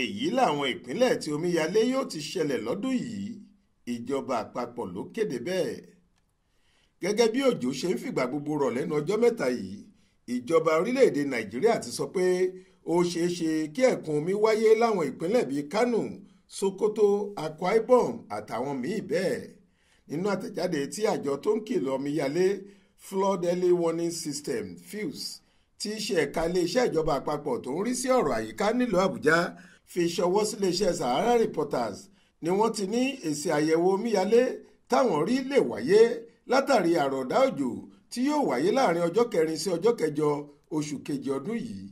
èyí làwọn ìpínlẹ̀ tí omíyalé yóò ti ṣẹlẹ̀ lọ́dún yìí ìjọba àpapọ̀ ló kéde bẹ́ẹ̀ gẹ́gẹ́ bí òjò ṣe ń fìgbà gbogbo rọ̀ lẹ́nu ọjọ́ mẹ́ta yìí ìjọba orílẹ̀-èdè nàìjíríà ti sọ pé ó ṣeé ṣe kí ẹ̀kún omi wáyé láwọn ìpínlẹ̀ bíi kánò sokoto akwa ibom àtàwọn míì bẹ́ẹ̀ nínú àtẹ̀jáde tí àjọ tó ń kìlọ̀ omíyalé flood early warning system fuse tí í ṣe ẹ̀ka iléeṣẹ́ ìjọba àpapọ̀ tó ń rí sí ọ̀rọ̀ àyíká nílùú àbújá fi ṣọwọ́ síléeṣẹ́ Sahara Reporters ni wọ́n ti ní èsì àyẹ̀wò omíyalé táwọn rí lè wáyé látàrí àròdá òjò tí yóò wáyé láàrin ọjọ́ kẹrin sí ọjọ́ kẹjọ oṣù kejì ọdún yìí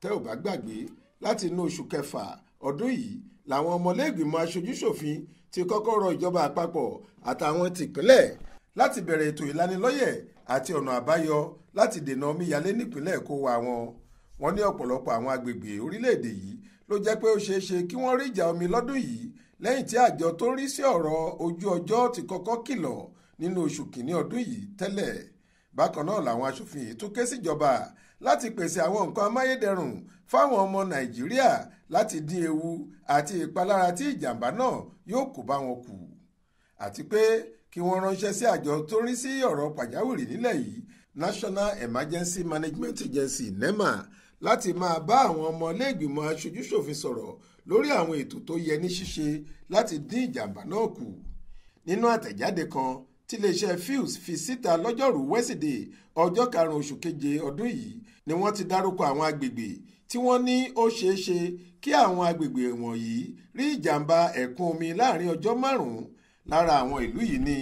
tẹ́ ò bá gbàgbé láti inú oṣù kẹfà ọdún yìí làwọn ọmọlẹ́gbìmọ̀ aṣojúṣòfin ti kọ́kọ́ rọ ìjọba àpapọ̀ àtàwọn tìpínlẹ̀ láti bẹ̀rẹ̀ ètò ìlanilọ́yẹ̀ àti ọ̀nà àbáyọ láti dènà omíyalé nípínlẹ̀ Èkó wa wọn. wọ́n ní ọ̀pọ̀lọpọ̀ àwọn agbègbè orílẹ̀ yìí ló jẹ́ pé ó ṣeé ṣe kí wọ́n rí ìjà omi lọ́dún yìí lẹ́yìn tí àjọ tó ń rí sí ọ̀rọ̀ ojú ọjọ́ ti kọ́kọ́ kìlọ̀ nínú oṣù kìíní ọdún yìí tẹ́lẹ̀ bákan náà làwọn aṣòfin yìí tún ké síjọba láti pèsè àwọn nǹkan amáyédẹrùn fáwọn ọmọ nàìjíríà láti dín ewu àti ìpalára tí ìjàmbá náà yóò kó bá wọn kù àti pé kí wọ́n ránṣẹ́ sí àjọ tó rí sí ọ̀rọ̀ pàjáwìrì nílẹ̀ yìí National Emergency Management Agency NEMA láti máa bá àwọn ọmọ iléègbìmọ̀ aṣojúṣòfin sọ̀rọ̀ lórí àwọn ètò tó yẹ ní ṣíṣe láti dín ìjàmbá náà kù nínú àtẹ̀jáde kan tiléeṣẹ́ fiws fi síta lọ́jọ́rùú wẹ́sídẹ̀ẹ́ ọjọ́ karùn-ún oṣù keje ọdún yìí ni wọ́n ti dárúkọ àwọn agbègbè tí wọ́n ní ó ṣeé ṣe kí àwọn agbègbè wọ̀nyí rí ìjàmbá ẹ̀kún omi láàrin ọjọ́ márùn lára àwọn ìlú yìí ni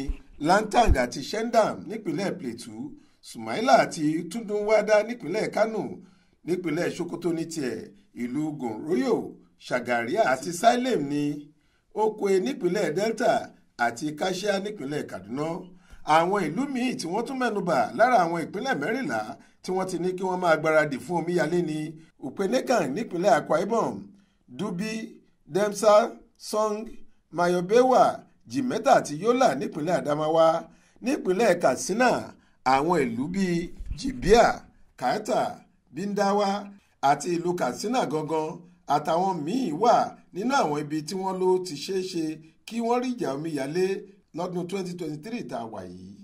lantang àti shendam nípínlẹ̀ plateau sumaila àti tundunwada nípínlẹ̀ kano nípínlẹ̀ Sokoto ní tiẹ̀ ìlú Gonroyo Shagaria àti Salem ní Okwe nípínlẹ̀ Delta àti Kasia nípínlẹ̀ Kaduna àwọn ìlú míì tí wọ́n tún mẹ́nubà lára àwọn ìpínlẹ̀ mẹ́rìnlá tí wọ́n ti ní kí wọ́n máa gbáradì fún omíyalé ní Upenekan nípínlẹ̀ Akwa Ibom Dubi Demsa Song Mayobewa Jimeta àti Yola nípínlẹ̀ Adamawa nípínlẹ̀ Katsina àwọn ìlú bíi Jibia Kaita bíndáwá àti ìlú katsina gangan àtàwọn míì wà nínú àwọn ibi tí wọ́n ló ti ṣeé ṣe kí wọ́n rí ìjà omíyalé lọ́dún 2023 tá a wà yìí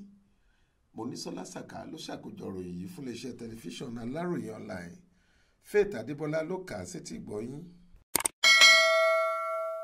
mọ́nísọ́lá sàká ló ṣàkójọ ròyìn fún iléeṣẹ́ tẹlifíṣàn aláròye online faith adébọlá ló kà á sétí ìgbọ́yìn.